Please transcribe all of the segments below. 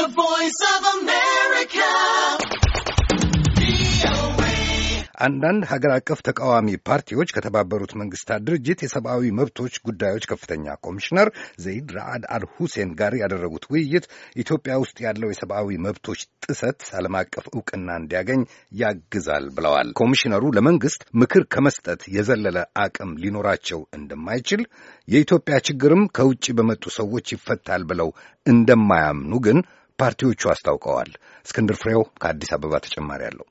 The Voice of America. አንዳንድ ሀገር አቀፍ ተቃዋሚ ፓርቲዎች ከተባበሩት መንግስታት ድርጅት የሰብአዊ መብቶች ጉዳዮች ከፍተኛ ኮሚሽነር ዘይድ ራአድ አል ሁሴን ጋር ያደረጉት ውይይት ኢትዮጵያ ውስጥ ያለው የሰብአዊ መብቶች ጥሰት ዓለም አቀፍ እውቅና እንዲያገኝ ያግዛል ብለዋል። ኮሚሽነሩ ለመንግስት ምክር ከመስጠት የዘለለ አቅም ሊኖራቸው እንደማይችል የኢትዮጵያ ችግርም ከውጭ በመጡ ሰዎች ይፈታል ብለው እንደማያምኑ ግን ፓርቲዎቹ አስታውቀዋል። እስክንድር ፍሬው ከአዲስ አበባ ተጨማሪ አለው።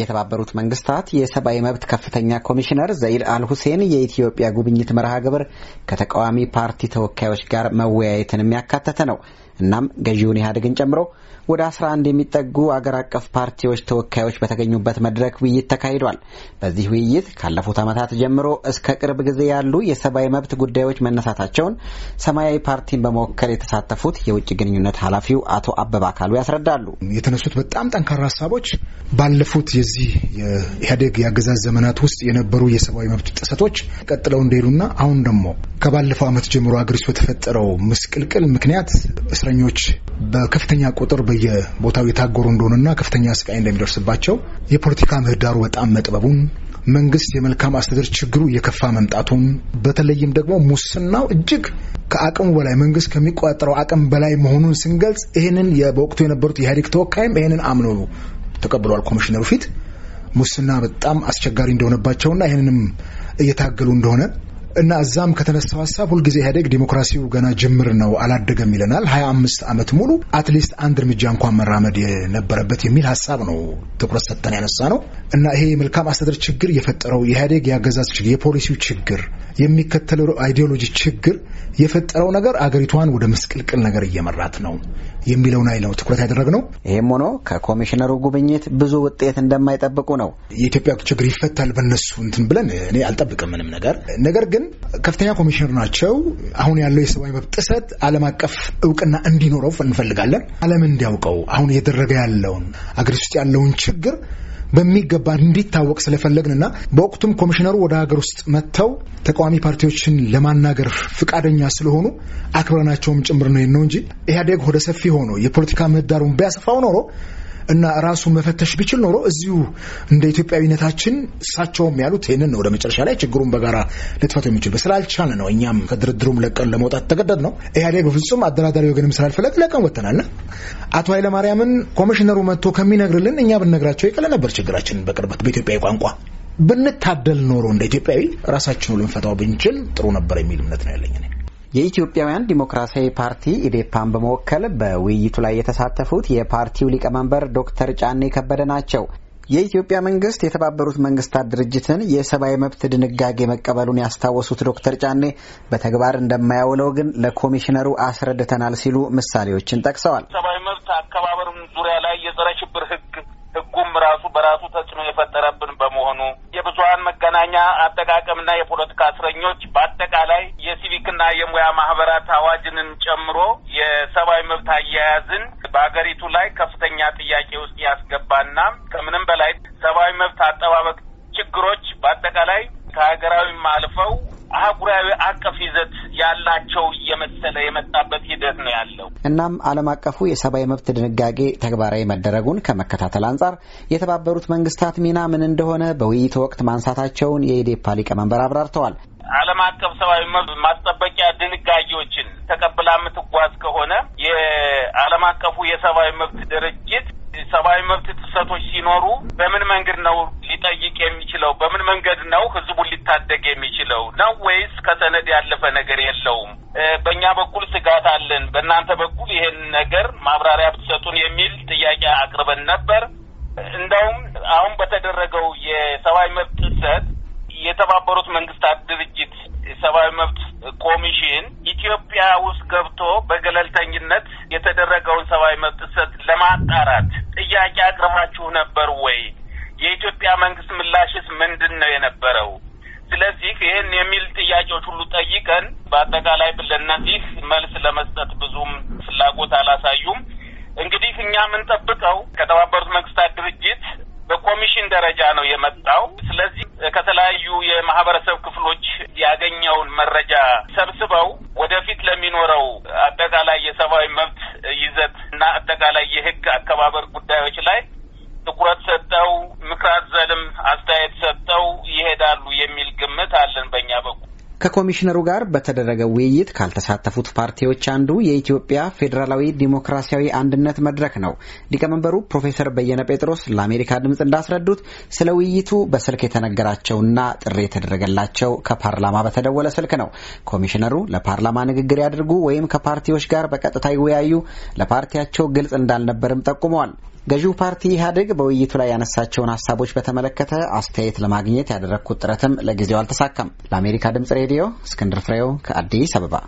የተባበሩት መንግስታት የሰብአዊ መብት ከፍተኛ ኮሚሽነር ዘይድ አል ሁሴን የኢትዮጵያ ጉብኝት መርሃ ግብር ከተቃዋሚ ፓርቲ ተወካዮች ጋር መወያየትን የሚያካተተ ነው። እናም ገዢውን ኢህአዴግን ጨምሮ ወደ 11 የሚጠጉ አገር አቀፍ ፓርቲዎች ተወካዮች በተገኙበት መድረክ ውይይት ተካሂዷል። በዚህ ውይይት ካለፉት ዓመታት ጀምሮ እስከ ቅርብ ጊዜ ያሉ የሰብአዊ መብት ጉዳዮች መነሳታቸውን ሰማያዊ ፓርቲን በመወከል የተሳተፉት የውጭ ግንኙነት ኃላፊው አቶ አበባ አካሉ ያስረዳሉ። የተነሱት በጣም ጠንካራ ሀሳቦች ባለፉት በዚህ የኢህአዴግ የአገዛዝ ዘመናት ውስጥ የነበሩ የሰብአዊ መብት ጥሰቶች ቀጥለው እንደሄዱና አሁን ደግሞ ከባለፈው ዓመት ጀምሮ አገሪቱ በተፈጠረው ምስቅልቅል ምክንያት እስረኞች በከፍተኛ ቁጥር በየቦታው የታጎሩ እንደሆኑና ከፍተኛ ስቃይ እንደሚደርስባቸው የፖለቲካ ምህዳሩ በጣም መጥበቡን መንግስት የመልካም አስተዳደር ችግሩ እየከፋ መምጣቱን በተለይም ደግሞ ሙስናው እጅግ ከአቅሙ በላይ መንግስት ከሚቆጣጠረው አቅም በላይ መሆኑን ስንገልጽ ይህንን በወቅቱ የነበሩት የኢህአዴግ ተወካይም ይህንን አምኖ ተቀብለዋል። ኮሚሽነሩ ፊት ሙስና በጣም አስቸጋሪ እንደሆነባቸውና ይህንንም እየታገሉ እንደሆነ እና እዛም ከተነሳው ሀሳብ ሁልጊዜ ኢህአዴግ ዲሞክራሲው ገና ጅምር ነው አላደገም ይለናል። ሀያ አምስት ዓመት ሙሉ አትሊስት አንድ እርምጃ እንኳን መራመድ የነበረበት የሚል ሀሳብ ነው ትኩረት ሰጥተን ያነሳ ነው እና ይሄ የመልካም አስተዳደር ችግር የፈጠረው የኢህአዴግ የአገዛዝ ችግር፣ የፖሊሲው ችግር፣ የሚከተለው አይዲዮሎጂ ችግር የፈጠረው ነገር አገሪቷን ወደ ምስቅልቅል ነገር እየመራት ነው የሚለውን አይል ነው ትኩረት ያደረግነው። ይህም ሆኖ ከኮሚሽነሩ ጉብኝት ብዙ ውጤት እንደማይጠብቁ ነው። የኢትዮጵያ ችግር ይፈታል በነሱ እንትን ብለን እኔ አልጠብቅም ምንም ነገር ነገር ግን ግን ከፍተኛ ኮሚሽነር ናቸው። አሁን ያለው የሰብአዊ መብት ጥሰት ዓለም አቀፍ እውቅና እንዲኖረው እንፈልጋለን። ዓለም እንዲያውቀው አሁን እየደረገ ያለውን አገር ውስጥ ያለውን ችግር በሚገባ እንዲታወቅ ስለፈለግንና በወቅቱም ኮሚሽነሩ ወደ ሀገር ውስጥ መጥተው ተቃዋሚ ፓርቲዎችን ለማናገር ፍቃደኛ ስለሆኑ አክብረናቸውም ጭምር ነው ነው እንጂ ኢህአዴግ ሆደ ሰፊ ሆኖ የፖለቲካ ምህዳሩን ቢያሰፋው ኖሮ እና ራሱ መፈተሽ ቢችል ኖሮ እዚሁ እንደ ኢትዮጵያዊነታችን እሳቸውም ያሉት ይህንን ነው። ወደ መጨረሻ ላይ ችግሩን በጋራ ልትፈቱ የሚችል ስላልቻለ ነው እኛም ከድርድሩም ለቀን ለመውጣት ተገደድ ነው። ኢህአዴግ በፍጹም አደራዳሪ ወገንም ስላልፈለግ ለቀን ወጥተናል። አቶ ኃይለማርያምን ኮሚሽነሩ መጥቶ ከሚነግርልን እኛ ብንነግራቸው የቀለ ነበር ችግራችን በቅርበት በኢትዮጵያዊ ቋንቋ ብንታደል ኖሮ እንደ ኢትዮጵያዊ ራሳችን ልንፈታው ብንችል ጥሩ ነበር የሚል እምነት ነው ያለኝ። የኢትዮጵያውያን ዲሞክራሲያዊ ፓርቲ ኢዴፓን በመወከል በውይይቱ ላይ የተሳተፉት የፓርቲው ሊቀመንበር ዶክተር ጫኔ ከበደ ናቸው። የኢትዮጵያ መንግስት የተባበሩት መንግስታት ድርጅትን የሰብአዊ መብት ድንጋጌ መቀበሉን ያስታወሱት ዶክተር ጫኔ በተግባር እንደማያውለው ግን ለኮሚሽነሩ አስረድተናል ሲሉ ምሳሌዎችን ጠቅሰዋል። ሰብአዊ መብት አከባበር ዙሪያ ላይ የጸረ ሽብር ህግ ይህም ራሱ በራሱ ተጽዕኖ የፈጠረብን በመሆኑ የብዙሀን መገናኛ አጠቃቀምና የፖለቲካ እስረኞች በአጠቃላይ የሲቪክና የሙያ ማህበራት አዋጅንን ጨምሮ የሰብአዊ መብት አያያዝን በሀገሪቱ ላይ ከፍተኛ ጥያቄ ውስጥ ያስገባና ከምንም በላይ ሰብአዊ መብት አጠባበቅ ችግሮች በአጠቃላይ ከሀገራዊም አልፈው አህጉራዊ አቀፍ ይዘት ያላቸው እናም ዓለም አቀፉ የሰብአዊ መብት ድንጋጌ ተግባራዊ መደረጉን ከመከታተል አንጻር የተባበሩት መንግስታት ሚና ምን እንደሆነ በውይይቱ ወቅት ማንሳታቸውን የኢዴፓ ሊቀመንበር አብራርተዋል። ዓለም አቀፍ ሰብአዊ መብት ማስጠበቂያ መንገድ ነው ህዝቡን ሊታደግ የሚችለው ነው ወይስ ከሰነድ ያለፈ ነገር የለውም? በእኛ በኩል ስጋት አለን፣ በእናንተ በኩል ይሄን ነገር ማብራሪያ ብትሰጡን የሚል ጥያቄ አቅርበን ነበር። እንደውም አሁን በተደረገው የሰብአዊ መብት ጥሰት የተባበሩት መንግስታት ድርጅት የሰብአዊ መብት ኮሚሽን ኢትዮጵያ ውስጥ ገብቶ በገለ ጥያቄዎች ሁሉ ጠይቀን በአጠቃላይ ለእነዚህ መልስ ለመስጠት ብዙም ፍላጎት አላሳዩም። እንግዲህ እኛ የምንጠብቀው ከተባበሩት መንግስታት ድርጅት በኮሚሽን ደረጃ ነው የመጣው። ስለዚህ ከተለያዩ የማህበረሰብ ክፍሎች ያገኘውን መረጃ ሰብስበው ወደፊት ለሚኖረው አጠቃላይ የሰብአዊ መብት ይዘት እና አጠቃላይ የህግ አከባበር ጉዳዮች ላይ ከኮሚሽነሩ ጋር በተደረገ ውይይት ካልተሳተፉት ፓርቲዎች አንዱ የኢትዮጵያ ፌዴራላዊ ዲሞክራሲያዊ አንድነት መድረክ ነው። ሊቀመንበሩ ፕሮፌሰር በየነ ጴጥሮስ ለአሜሪካ ድምፅ እንዳስረዱት ስለ ውይይቱ በስልክ የተነገራቸውና ጥሪ የተደረገላቸው ከፓርላማ በተደወለ ስልክ ነው። ኮሚሽነሩ ለፓርላማ ንግግር ያድርጉ ወይም ከፓርቲዎች ጋር በቀጥታ ይወያዩ ለፓርቲያቸው ግልጽ እንዳልነበርም ጠቁመዋል። ገዢው ፓርቲ ኢህአዴግ በውይይቱ ላይ ያነሳቸውን ሀሳቦች በተመለከተ አስተያየት ለማግኘት ያደረግኩት ጥረትም ለጊዜው አልተሳካም። ለአሜሪካ ድምጽ ሬዲዮ እስክንድር ፍሬው ከአዲስ አበባ